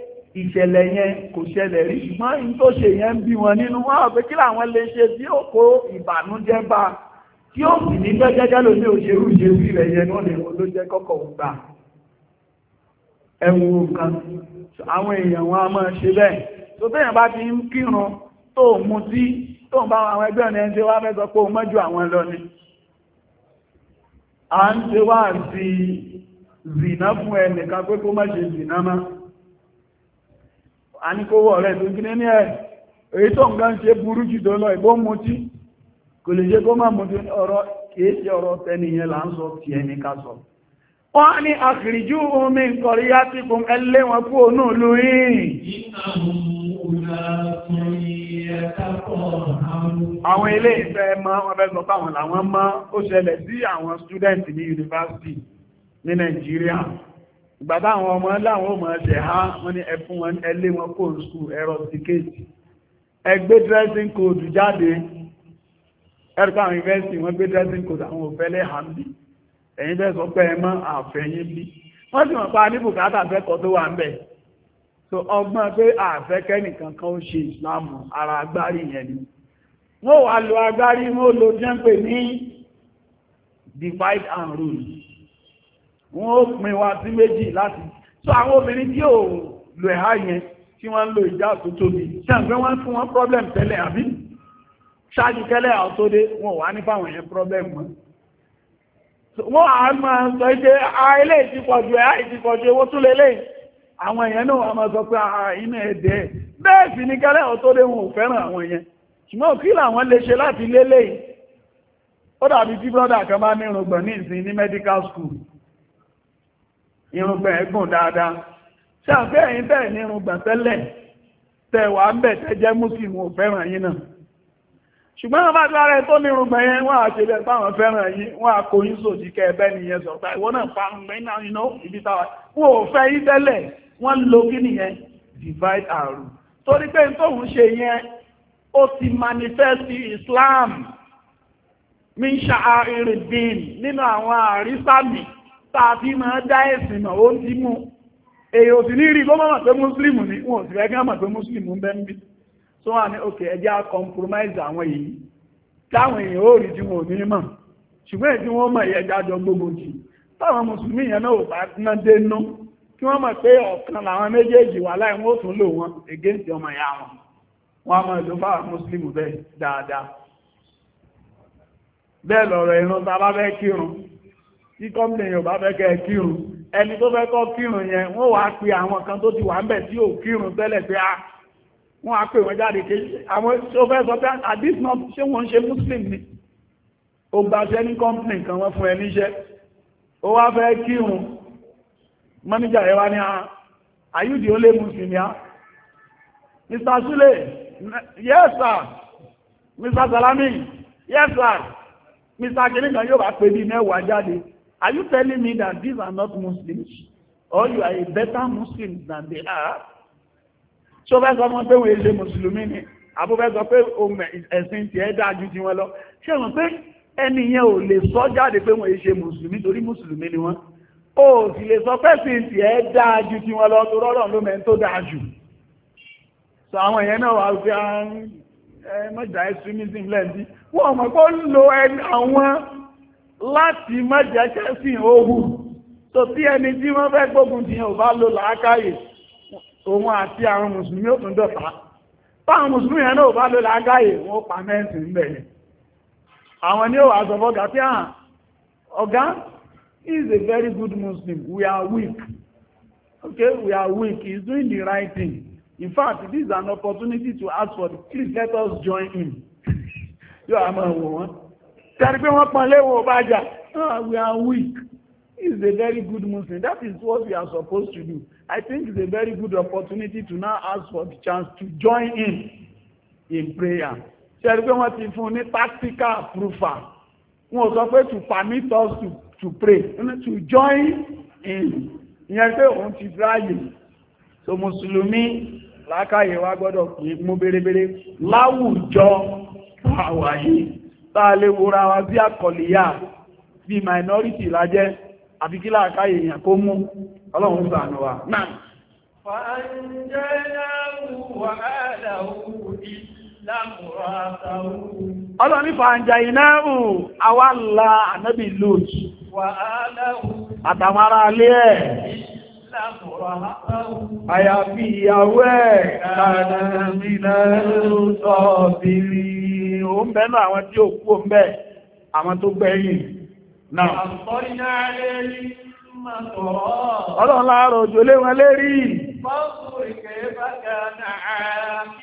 ìṣẹ̀lẹ̀ yẹn kò ṣẹlẹ̀ rí ṣùgbọ́n in tó ṣe yẹn ń bí wọn nínú wọ́n àpé kí làwọn lè ṣe tí ó kó ìbànújẹ́ bá tí ó sì ní gbẹ́gẹ́gẹ́ ló ní òṣèrú ìṣerú rẹ̀ yẹn wọ́n lè wọ́n ló jẹ́ kọ́kọ́ gbà ẹ̀wù kan àwọn èèyàn wọn a máa ṣe bẹ́ẹ̀ tó bẹ́yàn bá ti ń kírun tó mu tí tó ń bá àwọn ẹgbẹ́ ọ̀nà ẹni tí wá fẹ́ sọ pé ó mọ́jú àwọn lọ ni à ń ṣe wá sí zìnà fún ẹnìkan pé kó má ṣe zìnà máa àníkówọ́ rẹ̀ tó gíní ní ẹ̀ èyí tó ń gán ṣe burú jù tó lọ ìbó mutí kò lè ṣe kó máa mutí ọ̀rọ̀ kéèṣe ọ̀rọ̀ tẹniyàn là ń sọ ti ẹni ká sọ wọ́n ní àkìrìjú omi nkọ̀rí yá ti kún ẹlẹ́ wọn kú ònú ìlú yìí àwọn ilé ìfẹ́ ìgbàtà àwọn ọmọ láwọn ọmọ ẹ̀ṣẹ̀ ha wọ́n ní ẹfún wọn ẹlé wọn kò ń skú ẹ̀rọ tíkéètì ẹgbẹ́ dressing code jáde ẹ̀rọ àwọn ìfẹ́sì wọ́n gbé dressing code àwọn òfẹ́lẹ́ hàmbi ẹ̀yìn fẹ́ sọ pé ẹmọ́ àfẹ́yìn bí wọ́n sì mọ̀ pa ní bùkátà fẹ́kọ̀ọ́ tó wà ń bẹ̀ so ọgbọ́n pé àfẹ́kẹ́ nìkan kan ó ṣe ìsìlámù ara agbárí yẹn ni wọ́n wà lo agbárí wọ́n lo jẹ́ pé ní divide and rule wọ́n ó pin wa sí méjì láti so àwọn obìnrin tí ò lò ẹ̀há yẹn tí wọ́n ń lo ìjà tó tóbi ṣàǹfẹ́ wọ́n fún wọn problem tẹ́lẹ̀ àbí ṣáájú kẹ́lẹ̀ àwọn tó dé wọn wà ní fáwọn yẹn problem mọ́ wọ́n a máa sọ ike ilé ìtìpọ̀jù ẹ̀ ìtìpọ̀jù owó tún lélẹ̀ àwọn èèyàn náà a máa sọ pé inú ẹ̀dẹ̀ bẹ́ẹ̀ sì ní kẹ́lẹ̀ ọ̀ tó lé wọn ò fẹ́ràn àwọn èèyàn ṣùgbọ́n kí làwọn lè ṣe láti lélẹ̀ ó dàbí tí brọ́dà kan bá ní irùngbọ̀n ní ìsìn ní medical school irùngbọ̀n ẹ̀ gùn dáadáa ṣàǹfẹ́ ẹ̀yin bẹ́ẹ̀ ní irùngbọ̀n tẹ́lẹ̀ tẹ wà ń bẹ̀ tẹ́ jẹ́ muslim ò fẹ́ràn yín náà ṣùgbọ́n wọn bá tí ara ẹ tó ní irùngbọ̀n yẹn wọ́n á ṣe bẹ́ẹ̀ báwọn fẹ́ràn yín wọ́n á kó yín sòdì kẹ́ ẹ bẹ́ẹ̀ nìyẹn sọ̀tà ìwọ náà pa irùngbọ̀n náà ibi táwa wọn ò fẹ́ yín tẹ́lẹ̀ wọ́n lo kí nìyẹn divide and rule torí pé n tóun ṣe yẹn ó ti manifest Islam min ṣa'airi din nínú àwọn àrísàmì tàbí ma dá ẹ̀sìn ma ó ti mú èyí ò sì ní rí lọ́mọ̀ pé mùsùlùmù ní wọn ò sì fẹ́ kí wọ́n mọ̀ pé mùsùlùmù ń bẹ ń bí tó wà ní òkè ẹjẹ́ á compromise àwọn èyí táwọn èèyàn ó rí tí wọn ò ní mọ̀ ṣùgbọ́n èyí tí wọ́n mọ̀ ẹ̀yẹ gbogbo jì táwọn mùsùlùmí yẹn náà ò bá ná dé nú kí wọ́n mọ̀ pé ọ̀kan làwọn méjèèjì wà láì wọ́n ó tún lò wọn against ọmọ ìyá wọn wọn a tí gómìnà yẹn ò bá fẹ́ kẹ́ ẹ kírun ẹni tó fẹ́ kọ́ kírun yẹn wọ́n wá pe àwọn kan tó ti wà ń bẹ̀ tí ò kírun tẹ́lẹ̀ pé a wọ́n á pè wọ́n jáde kejì àwọn tó fẹ́ sọ pé àdís ṣé wọ́n ń ṣe muslim ni ó gbaṣẹ́ ní gómìnà kan wọ́n fún ẹ níṣẹ́ ó wá fẹ́ kírun mọ́níjà yẹn wá ní àyùdí ó lé muslim yá Mr. Sule yes sir Mr. Salami yes sir Mr. kìnnìkan yóò bá pè bí mẹ́wàá jáde Are you telling me that these are not Muslims? Or you are a better Muslim than they are? So o fẹ́ sọ wọn pé wọ́n èlé Mùsùlùmí ni? Àbú fẹ́ sọ pé ohun ẹ̀sìn ti ẹ́ dáa ju ti wọn lọ. Ṣé wọ́n pé ẹni yẹn ò lè sọ jáde pé wọ́n èṣe Mùsùlùmí torí Mùsùlùmí ni wọ́n? Ó sì lè sọ pé ẹ̀sìn ti ẹ́ dáa ju ti wọn lọ tó rọ́rọ̀ ló mẹ́ tó dáa jù. Sọ àwọn èèyàn náà wà wípé ah, mọ́jà extremism lẹ́ǹdí. Wọ́n mọ̀ pé ó ń lo àwọn láti mọ́jẹ̀ẹ́kẹ́ sí òhù tó tí ẹni tí wọ́n fẹ́ gbógun ti yàn ò bá lò làákàyè òun àti àwọn mùsùlùmí ò tún dọ̀tá táwọn mùsùlùmí yẹn náà ò bá lò làákàyè wọ́n pa mẹ́ǹtì ńbẹ̀ yẹn àwọn ni ó wà sọ fọ́gà tí hàn ah, ọ̀gá is a very good Muslim we are weak okay we are weak he is doing the right thing in fact this is an opportunity to ask for the please let us join him <laughs> yóò àmọ́ wò wọ́n tẹ́rí pé wọ́n pọ̀ léwọ̀ bá jà ah, we are weak he is a very good Muslim that is what we are supposed to do I think it's a very good opportunity to now ask for the chance to join in in prayer tẹ́rí pé wọ́n ti fún ní practical proofer wọn sọ pé to permit us to, to pray to join in ìyẹn pé òun ti ráyè so mùsùlùmí làákàyè wa gbọ́dọ̀ pé mú bérebére láwùjọ àwàyé táà lè wòra wa bí àkọlìyà bí minority lájẹ́ àfi kí láàkáyè èèyàn kó mú ọlọ́run ṣàánú wa náà ọlọ́run ní fàájá iná hù awálà ànábì lóòjì àtàwọn alẹ́ ẹ̀ àyàfi ìyàwó ẹ̀ kàdàmìnà lóòtọ́ bìrì ń bẹ́nu àwọn tí ó kú ń bẹ́ àwọn tó gbẹ̀yìn náà ọlọ́run láàárọ̀ òjò lé wọn lérí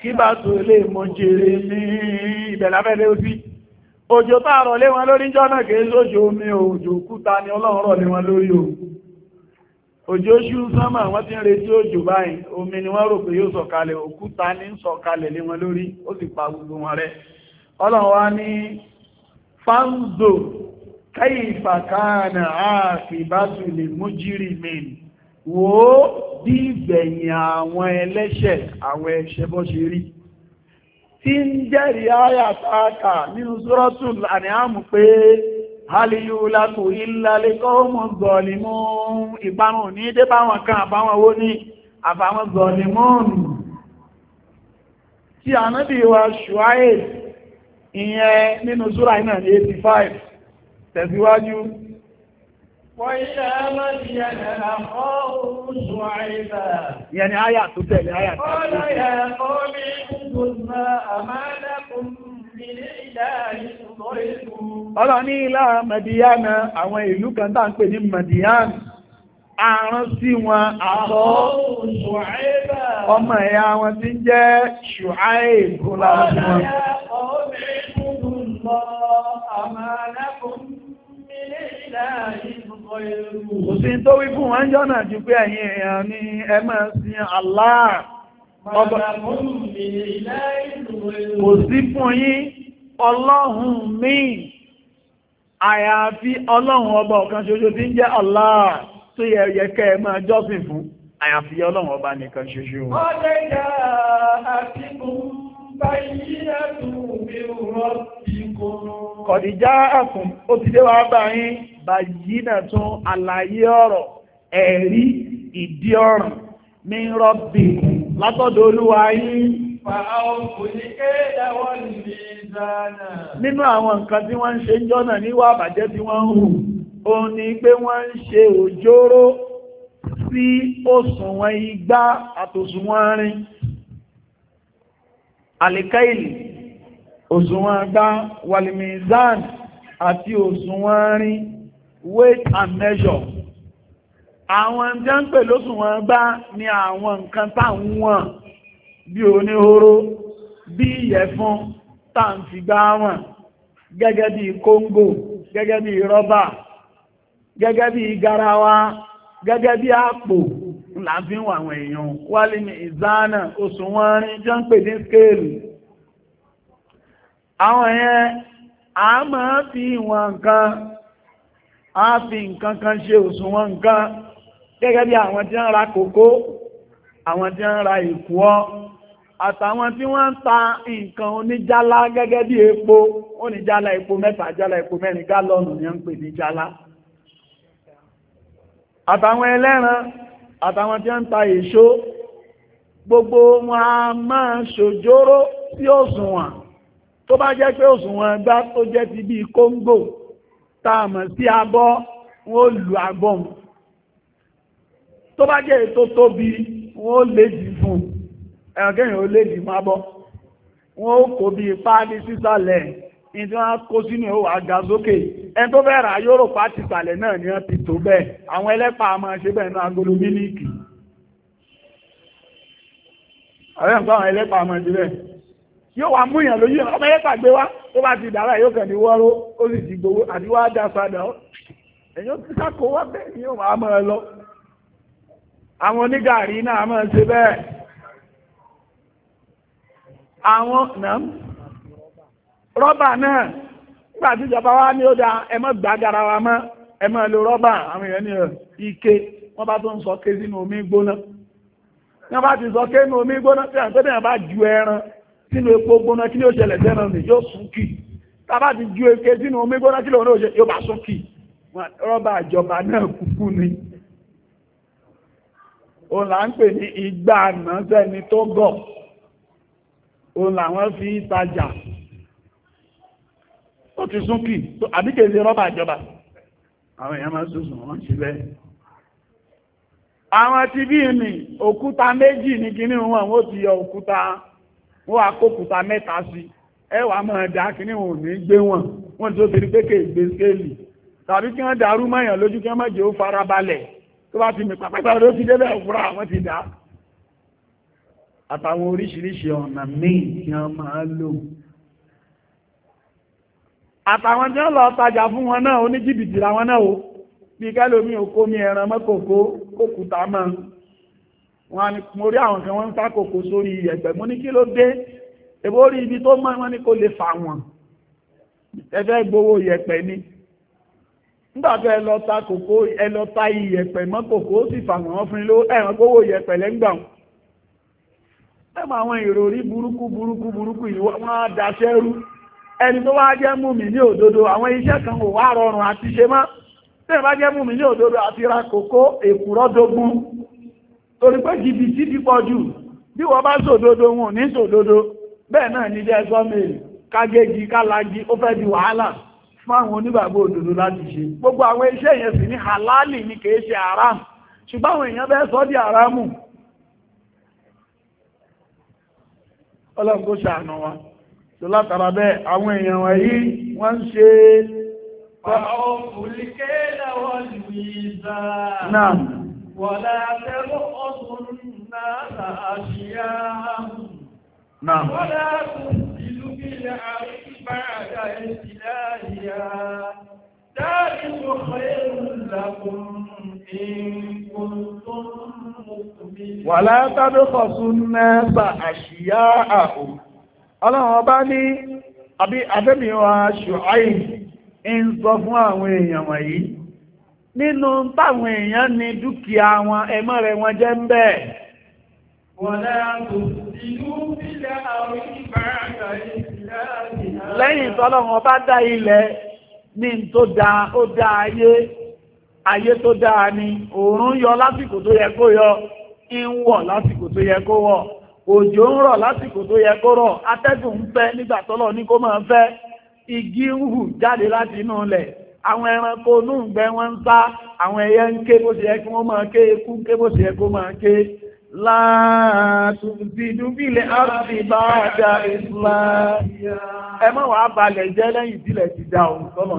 kí bá tó lè mọ jèrè ní ìbẹ̀lábẹ́lẹ́ òsì òjò lé wọn lórí kìí omi kúta ni lé wọn lórí o sánmà wọ́n ti ń retí omi ni wọ́n rò pé yóò sọ̀kalẹ̀ òkúta lé wọn lórí ó sì pa gbogbo wọn ọlọ́run wá ní fánzò kayfa kana àkìbátù lè mújírí mìí wò ó bí ìgbẹ̀yìn àwọn ẹlẹ́ṣẹ̀ àwọn ẹ̀ṣẹ̀ bọ́ ṣe rí tí ń jẹ́rì ayà tààkà nínú sọ́rọ́tù àníhàmù pé haliyu látò ìlàlẹ́ kọ́ọ̀mù zọ̀lìmú ìparun wa ṣùáyèsì ìyẹn nínú súra iná ní 85 tẹ̀síwájú Ìyẹn ni áyà tó tẹ̀lé áyà tó tẹ̀lé. Ọlọ́ ní ilá Mẹ̀díyánà àwọn a kan tá ń pè ní Mẹ̀díyánà, àrán sí wọn àkọ́ ọmọ ẹ̀yà wọn tí ń jẹ́ Ṣùháì Gúnlá wọn. Òsìn tó wí fún wọn jọ́nà jù pé ẹ̀yin èèyàn ni ẹ máa sin Allah. Kò sí fún yín ọlọ́hun míì, àyàfi ọlọ́hun ọba ọ̀kan ṣoṣo tí ń jẹ́ Allah tó yẹ kẹ́ ẹ máa jọ́sìn fún, àyàfi ọlọ́hun ọba nìkan ṣoṣo. Ọjọ́ ìjà àti Kọ̀díjá àkùn, ó ti dé bá yín, bàyínà tún àlàyé ọ̀rọ̀, ẹ̀rí, ìdí ní rọ́bì, látọ̀dọ̀ olúwa yín. Nínú àwọn nǹkan tí wọ́n ń ṣe jọ́nà tí wọ́n ń hù, ó ní pé wọ́n ń ṣe sí òṣùwọ̀n igbá àtòṣùwọ̀n alikaili òṣùwọ̀n agbá walimizan àti òṣùwọ̀n rin weight and measure àwọn tí ń pè lóṣùwọ̀n agbá ni àwọn nǹkan táwọn bí oníhóró bí ìyẹ̀fun táǹfìgbá wọn gẹ́gẹ́ bí kóńgò gẹ́gẹ́ bí rọ́bà gẹ́gẹ́ bí garawa gẹ́gẹ́ bí àpò láàfin àwọn èèyàn wálé ní ìzánà òṣùwọ̀n rin jọ ń pè ní skéèlì àwọn ẹ̀yẹn a máa fi ìwọ̀n nǹkan a fi nǹkan kan ṣe òṣùwọ̀n nǹkan gẹ́gẹ́ bí àwọn tí ń ra kòkó àwọn tí ń ra ìkùọ́ àtàwọn tí wọ́n ń ta nǹkan oníjálá gẹ́gẹ́ bí epo oníjálá epo mẹ́ta jálá epo mẹ́rin gálọ́nù ni ń pè ní jálá àtàwọn ẹlẹ́ran àtàwọn tí ó ń ta èso gbogbo wọn a máa ṣòjóró sí òṣùwọ̀n tó bá jẹ́ pé òṣùwọ̀n gbá tó jẹ́ ti bí kóńgò tààmà sí abọ́ wọ́n lù agbọ́n tó bá jẹ́ ètò tóbi wọ́n lè jì fún ẹ̀rọ̀kẹ́yìn ó lè jì mábọ́ wọ́n kò bí ipá sísàlẹ̀ ìdí wọn kó sínú ẹ̀ wà ga sókè ẹni tó bẹ̀rẹ̀ ayóròpá ti sàlẹ̀ náà ni wọ́n ti tó bẹ́ẹ̀ àwọn ẹlẹ́pà máa ṣe bẹ́ẹ̀ náà agolo mílíìkì ọ̀rẹ́ nǹkan àwọn ẹlẹ́pà máa ṣe bẹ́ẹ̀ yóò wá mú ìyàn lóyún ọmọ ẹlẹ́pà gbé wá tó bá ti dára yóò kàn ní wọ́rọ́ ó sì ti gbowó àti wá dá padà ọ́ ẹ̀yọ́ ti sáko wá bẹ́ẹ̀ ni yóò àwọn onígàrí náà máa ṣe bẹ́ẹ̀ àwọn náà rọ́bà náà nígbà tí ìjọba wa ní ó da ẹ má gbà garawa mọ́ ẹ má lo rọ́bà àwọn èèyàn ní ike wọ́n bá tó ń sọ ké sínú omi gbóná wọ́n bá ti sọ ké sínú omi gbóná tí àwọn tẹ́lẹ̀ bá ju ẹran sínú epo gbóná kí ni ó ṣẹlẹ̀ sẹ́ran nì yóò sún kì tábà ti ju eke sínú omi gbóná kí lòun náà ṣe yóò bá sún kì rọ́bà ìjọba náà kúkú ni òun là ń pè ní igbá àná sẹ́ni tó gọ̀ òun làwọn fi ń tajà ó ti súnkì àbíkè ṣe rọ́bà ìjọba àwọn èèyàn máa sùsùn wọ́n ṣe bẹ́ẹ̀ àwọn ti bí ní òkúta méjì ní kíní wọn ó ti yọ òkúta wọ́n wá kókúta mẹ́ta sí ẹwà máa dá kíní wọn ò ní gbé wọn wọ́n tó ti rí pé kéègbé skéèlì tàbí kí wọ́n dàrú mọ́yàn lójú kí wọ́n má jẹ́ ó fara balẹ̀ tó bá ti mi pàpẹ́pẹ́ ló ti débẹ̀ òwúrọ̀ àwọn ti dá àtàwọn oríṣiríṣi ọ̀nà míì tí wọ́n máa lò àtàwọn tí wọ́n lọ tajà fún wọn náà oníjìbìtì làwọn náà o bí kẹ́lómi òkó mi ẹran mọ́kòkó wọn ni mo rí àwọn kan wọ́n ń ta kòkó sórí ẹgbẹ́ mo ní kí ló dé èbó rí ibi tó mọ́ wọn ni kò lè fà ni ẹ lọ ta kòkó ẹ lọ ta ó sì fà fún ló gbowó mọ àwọn ìròrí burúkú burúkú burúkú yìí ẹni tó wá jẹ́ mú mi ní òdodo àwọn iṣẹ́ kan ò wá rọrùn àti ṣe mọ́ tí ẹ bá jẹ́ mú mi ní òdodo àti ra kòkó èkùrọ́ dogun torí pé jìbìtì ti pọ̀ jù bí wọ́n bá sòdodo wọn ní sòdodo bẹ́ẹ̀ náà ní jẹ́ sọ́mẹ̀lì kágégi kálági ó fẹ́ di wàhálà fún àwọn òdodo gbogbo àwọn iṣẹ́ yẹn sì ní halali ni kìí ṣe haram ṣùgbọ́n àwọn èèyàn bẹ́ẹ̀ sọ́ di haramu tó látara bẹ́ẹ̀ àwọn èèyàn wọ̀nyí wọ́n ń ṣe Wọ́lá ìlú ilẹ̀ àríkì bá àdá ẹ̀sì láàríyà, dáàrí mọ̀ ẹ̀rùn lákùn Wàlá tábí kọ̀ sún mẹ́ta ọlọ́run ọba ní àbí abẹ́mìíwá ṣùháì ń sọ fún àwọn èèyàn wọ̀nyí nínú táwọn èèyàn ní dúkìá wọn ẹmọ́ rẹ̀ wọn jẹ́ ń bẹ́ẹ̀ lẹ́yìn tọ́lọ́run ọba dá ilẹ̀ ní tó da ó dá ayé ayé tó dáa ni yọ lásìkò tó yẹ kó yọ ń wọ̀ lásìkò tó yẹ kó wọ̀ òjò ń rọ̀ lásìkò tó yẹ kó rọ̀ atẹ́gùn ń fẹ́ nígbà ní kó máa fẹ́ igi ń hù jáde láti inú ilẹ̀ àwọn ẹranko inú ìgbẹ́ wọn ń sá àwọn ẹyẹ ń ké bó ṣe yẹ kí wọ́n máa ké ikú ké bó ṣe yẹ kó máa ké láàtùbìdúbìlẹ̀ ẹ balẹ̀ jẹ́ lẹ́yìn ìdílẹ̀ ti dá gbogbo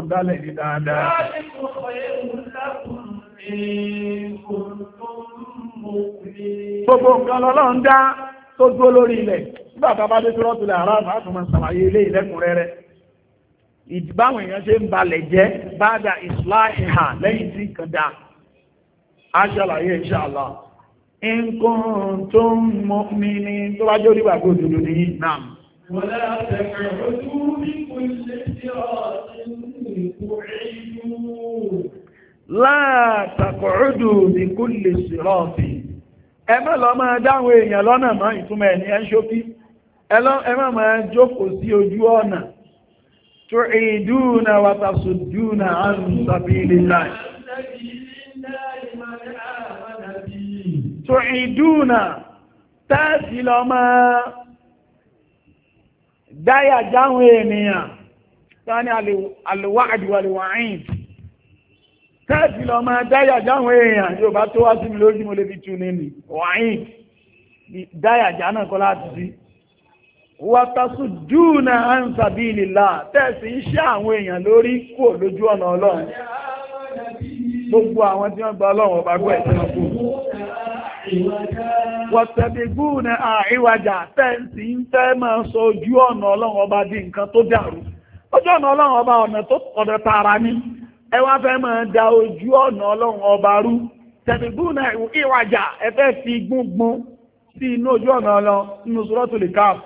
nǹkan lọ́lọ́ ń tó dúró lórí ilẹ̀ nígbà tá a bá dé tó rọ́tulẹ̀ aráàlú àtúmọ̀ sàlàyé ilé ìlẹ́kùnrẹ́rẹ́ ìdìbáwọn èèyàn ṣe ń balẹ̀ jẹ́ bada islahiha lẹ́yìn tí kan dá a ṣàlàyé inṣàlá nǹkan tó ń mọ́ mi ní tó bá jó nígbà gbogbo òdòdó ní nam Wọ́lá tẹ̀kẹ̀ ojú ní kò ṣe ọ̀sìn ìkò ìlú. ní lè ẹ má lọ máa dáwọn èèyàn lọ́nà mọ́ ìtumọ̀ ẹ̀ ní ẹ́ ṣókí ẹ má máa jókòó sí ojú ọ̀nà tó ìdúnà wàtàsùdúnà àrùn sabilillah tó ìdúnà tẹ́ẹ̀sì lọ máa dáyà jáwọn ènìyàn tání àlùwáàdì wàlùwàáìdì káàkiri lọ máa dáyà jáwọn èèyàn yóò bá tó wá sí mi lójú mo lè fi nínú wáyìn dáyà já náà kọ́ láti sí wàtàsù dúnà ànsàbí ìlìlá tẹ́ẹ̀sì ń ṣe àwọn èèyàn lórí lójú gbogbo àwọn tí wọ́n gba ọlọ́run ọba gbọ́ wọ̀tẹ̀bí àríwájà tẹ́ẹ̀sì ń fẹ́ máa sọ ọba di nǹkan tó dàrú ojú ọ̀nà ọlọ́run ọba ọ̀nà tó ẹ wá fẹ́ máa da ojú ọ̀nà ọlọ́run ọba rú tẹ̀sígbùn náà ìwàjà fi gbùngbùn sí inú ojú ọ̀nà ọlọ́run nínú Suratul Kahf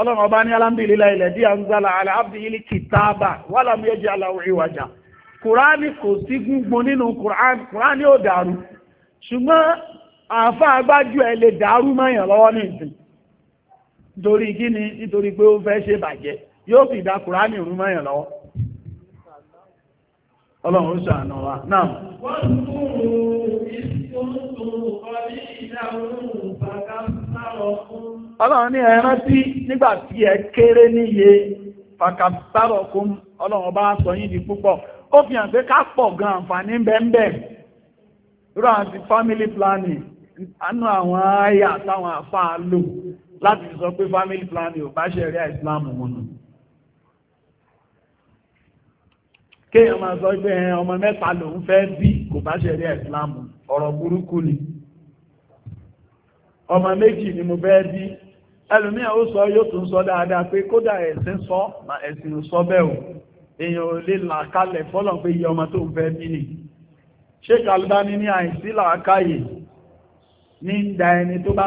ọlọ́run ọba ní alámbìlélá ilẹ̀ díà ń zala aláàbìlì kìtàbà wà lámú aláwọ̀ ìwàjà kùránì kò sí gúngbùn nínú kùránì ò dàrú ṣùgbọ́n agbájú ẹ lè dàrú mọ́yàn lọ́wọ́ torí nítorí pé ó fẹ́ ṣe bàjẹ́ yóò fi ọlọ́run ó ṣàánà wa náà ọlọ́run ní ẹran tí nígbàtí ẹ kéré níye fàkàtàrọ̀kún ọlọ́run bá sọ yín di púpọ̀ ó fi hàn pé ká pọ̀ gan àǹfààní bẹ́ẹ̀bẹ́ rọ àti family planning anú àwọn àyà táwọn àfáà lò láti sọ pé family planning ò bá ṣẹ̀rí àìsìláàmù mọ́nà kéèyàn máa sọ pé ọmọ mẹ́ta lòun fẹ́ bí kò bá ṣẹ̀rí ìsìlámù ọ̀rọ̀ burúkú ni ọmọ méjì ni mo fẹ́ bí ẹlòmíà ó sọ yóò tún sọ dáadáa pé kódà ẹ̀sìn sọ mà ẹ̀sìn sọ bẹ́ẹ̀ o èèyàn ò lè là kalẹ̀ fọ́lọ̀ pé iye ọmọ tó ń fẹ́ bí ni ní àìsí làákàyè ní da ẹni tó bá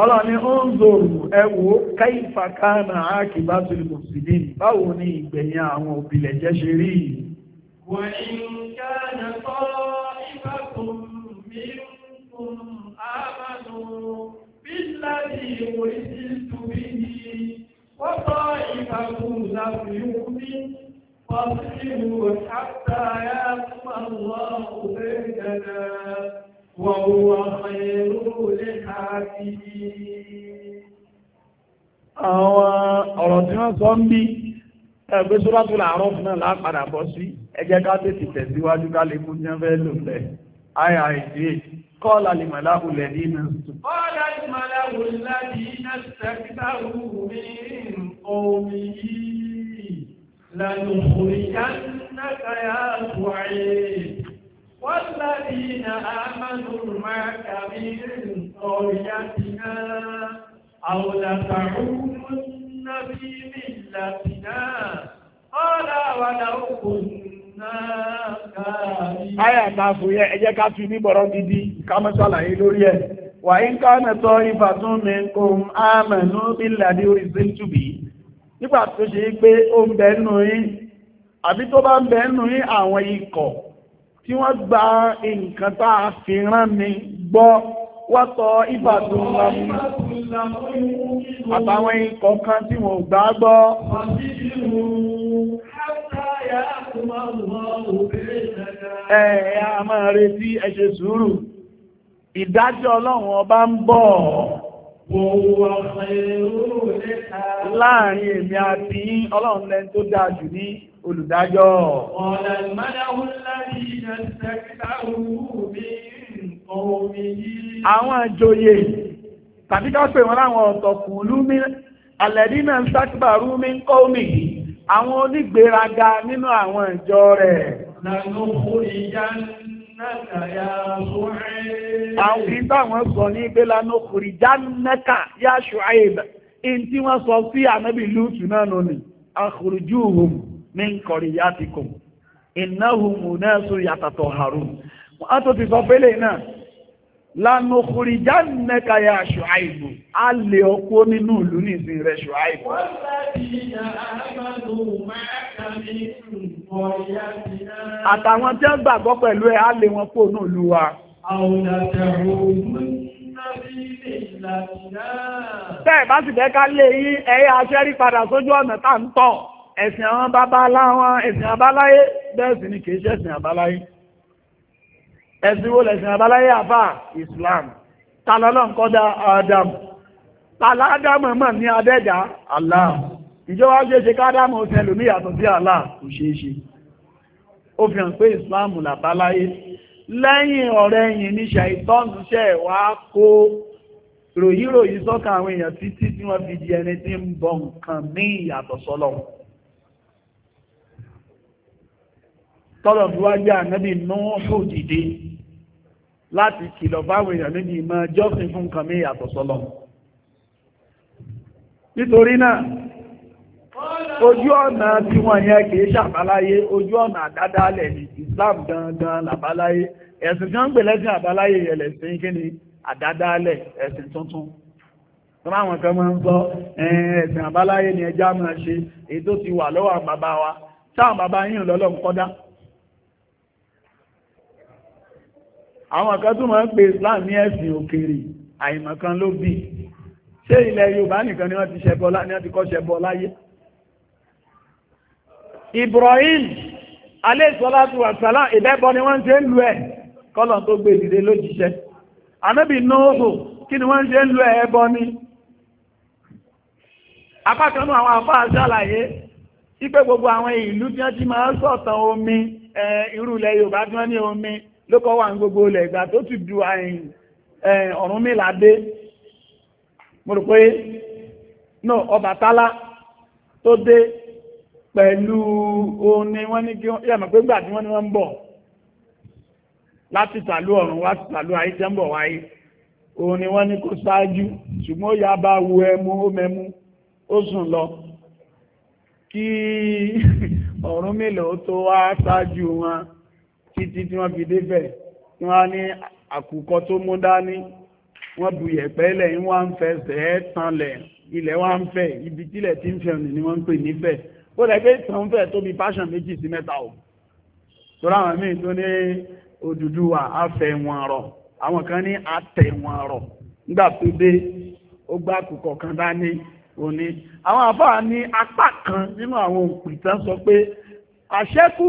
ọlọ́ni ó ń zòrò ẹwò káìfà káàmà ákìbá tó lè mùsùlùmí báwo ni ìgbẹ̀yìn àwọn òbílẹ̀ jẹ́ ṣe rí wọ́n ń káàmà tọ́ ìbákùn mìírùn àmàlò bíláàdì ìwòrí sí tùbí ní wọ́n tọ́ ìbákùn láti وهو خير الحافظين àwọn ọ̀rọ̀ tí wọ́n sọ ń bí ẹgbẹ́ Suratul A'raf náà lápadà bọ́ sí ẹ ká tètè tẹ̀síwájú ká lè fún jẹ́ fẹ́ lò lẹ̀ àyà ìdí qala al-mala'u والذين آمنوا معك من قريتنا أو لتعودن في ملتنا قال ولو كنا كارهين آية تافوية ẹjẹ́ ká fi ní bọ̀rọ̀ gidi na وإن كان طائفة منكم آمنوا بالذي أرسلت به nígbà tó ṣe pé ó ń bẹ nù yín àbí tó bá ń bẹ nù yín àwọn ikọ̀ tí wọ́n gba nǹkan tá a fi rán mi gbọ́ wọ́tọ̀ ìbàdó lámú àtàwọn ikọ̀ kan tí wọ́n gbà gbọ́ ẹ̀ẹ́ a máa retí ẹ ṣe sùúrù ìdájọ́ ọlọ́run ọba ń bọ̀ láàrin èmi àti ọlọ́run lẹ́n tó dáa jù ní olùdájọ́. ọ̀nà ìmọ̀láhùn láti àwọn àjòyè tàbí ká pè wọ́n láwọn ọ̀tọ̀kùn lúmí alẹ́dínà ń sákìbàrú mi ń kọ́ mi àwọn onígbéraga nínú àwọn ìjọ rẹ̀ àwọn ìtàwọn sọ ní pé lánà kùrì yá ṣùgbọ́n in tí wọ́n sọ sí ànábì lútù náà nù ní àkùrùjú ní nkọ̀rí yá ti kò ìnáhùn múnẹ́sù yàtàtọ̀ harun a tó ti sọ pẹ́lẹ̀ náà lánàkùnrin jánẹ́ka ya ṣùáìbù a lè ọkú nínú ìlú nìsìn rẹ̀ ṣùáìbù àtàwọn tí ó gbàgbọ́ pẹ̀lú ẹ a lè wọn kó nínú ìlú wa Tẹ́ẹ̀ bá sì bẹ́ ká yí ẹ̀yà aṣẹ́rí padà sójú ọ̀nà tá ń tọ̀ ẹ̀sìn àwọn babaláwọn ẹ̀sìn àbáláyé bẹ́ẹ̀ sì ni kìí ṣẹ̀sìn àbáláyé ẹ̀sìn wo lẹ̀sìn àbáláyé àfà Islam tàlọ́lọ́ nǹkan dá Adam tàlá Adam mọ̀ ní adẹ́dá Allah ìjọba ṣe ṣe ká Adam ó tẹ̀lú ní sí Allah kò ṣeé ṣe ó fi hàn pé Islam làbáláyé lẹ́yìn ọ̀rẹ́ yìí ní ṣàìtọ́nù ṣẹ̀ wá kó ròyíròyí sọ́kàn àwọn èèyàn títí tí wọ́n fi di ẹni tí ń bọ nǹkan ní ìyàtọ̀ sọ́lọ́run tọ́lọ̀ bí wájú ànábì Nuhu dìde láti kìlọ̀ báwọn èèyàn níbi ìmọ̀ jọ́sìn fún nǹkan mí yàtọ̀ sọ́lọ̀ nítorí náà ojú ọ̀nà tí wọ́n yẹn kìí ṣàbáláyé ojú ọ̀nà àdádálẹ̀ ní Islam gangan làbáláyé ẹ̀sìn tí wọ́n ń pè lẹ́sìn àbáláyé ẹlẹ́sìn kí ni àdádálẹ̀ ẹ̀sìn tuntun láwọn kan máa ń sọ ẹ̀sìn àbáláyé ni ẹjá máa ṣe èyí tó ti wà lọ́wọ́ bàbá wa táwọn bàbá yìí ń kọ́dá àwọn kan tó máa ń pe Islam ní ẹ̀sìn òkèrè àìmọ̀kan ló bí ṣé ilẹ̀ Yorùbá nìkan ni wọ́n ti ṣẹbọ ní wọ́n ti kọ́ ṣẹbọ láyé Ibrahim aléṣọ́látù àṣàlá ìbẹ́bọ ni wọ́n ṣe ń lu ẹ̀ kọ́lọ̀ tó gbé ìdílé lójíṣẹ́ anábì nóòhù kí ni wọ́n ṣe ń lu ẹ̀ ẹbọ ni apákanú àwọn àfáà ṣàlàyé sí gbogbo àwọn ìlú tí wọ́n ti máa ń sọ̀tàn omi irú ilẹ̀ Yorùbá tí wọ́n ní omi ló kọ́ wà ní gbogbo ilẹ̀ ìgbà tó ti du àyìn ọ̀run mìlá dé mo rò pé no Ọbàtálá tó dé pẹ̀lú òun ni wọ́n ní kí wọ́n yàmọ̀ pé gbà tí wọ́n ní wọ́n ń bọ̀ láti tàlú ọ̀run wá ti tàlú ayé tẹ́ ń bọ̀ wáyé òun ni wọ́n ní kó ṣáájú ṣùgbọ́n ó yá bá wu ẹmu ó mẹ́mú ó sùn lọ kí <laughs> ọ̀run mélòó tó wá ṣáájú wọn títí tí wọ́n fi débẹ̀ tí wọ́n ní àkùkọ tó mú dání wọ́n bu yẹ̀pẹ́ lẹ̀ ń wá ń fẹsẹ̀ ẹ́ tanlẹ̀ ilẹ̀ wá ń fẹ̀ ibi tílẹ̀ tí ń fẹ̀ ni wọ́n ń pè nífẹ̀ ó lẹ́ pé tàn fẹ̀ tó bí passion méjì sí mẹ́ta o torí àwọn míì tó ní Odùduwà afẹ̀wọ̀n rọ̀ àwọn kan ní atẹ̀wọ̀n rọ̀ nígbà tó dé ó gbá àkùkọ kan dání òní àwọn àfáà ní apá kan nínú àwọn òpìtàn sọ pé àṣẹ́kù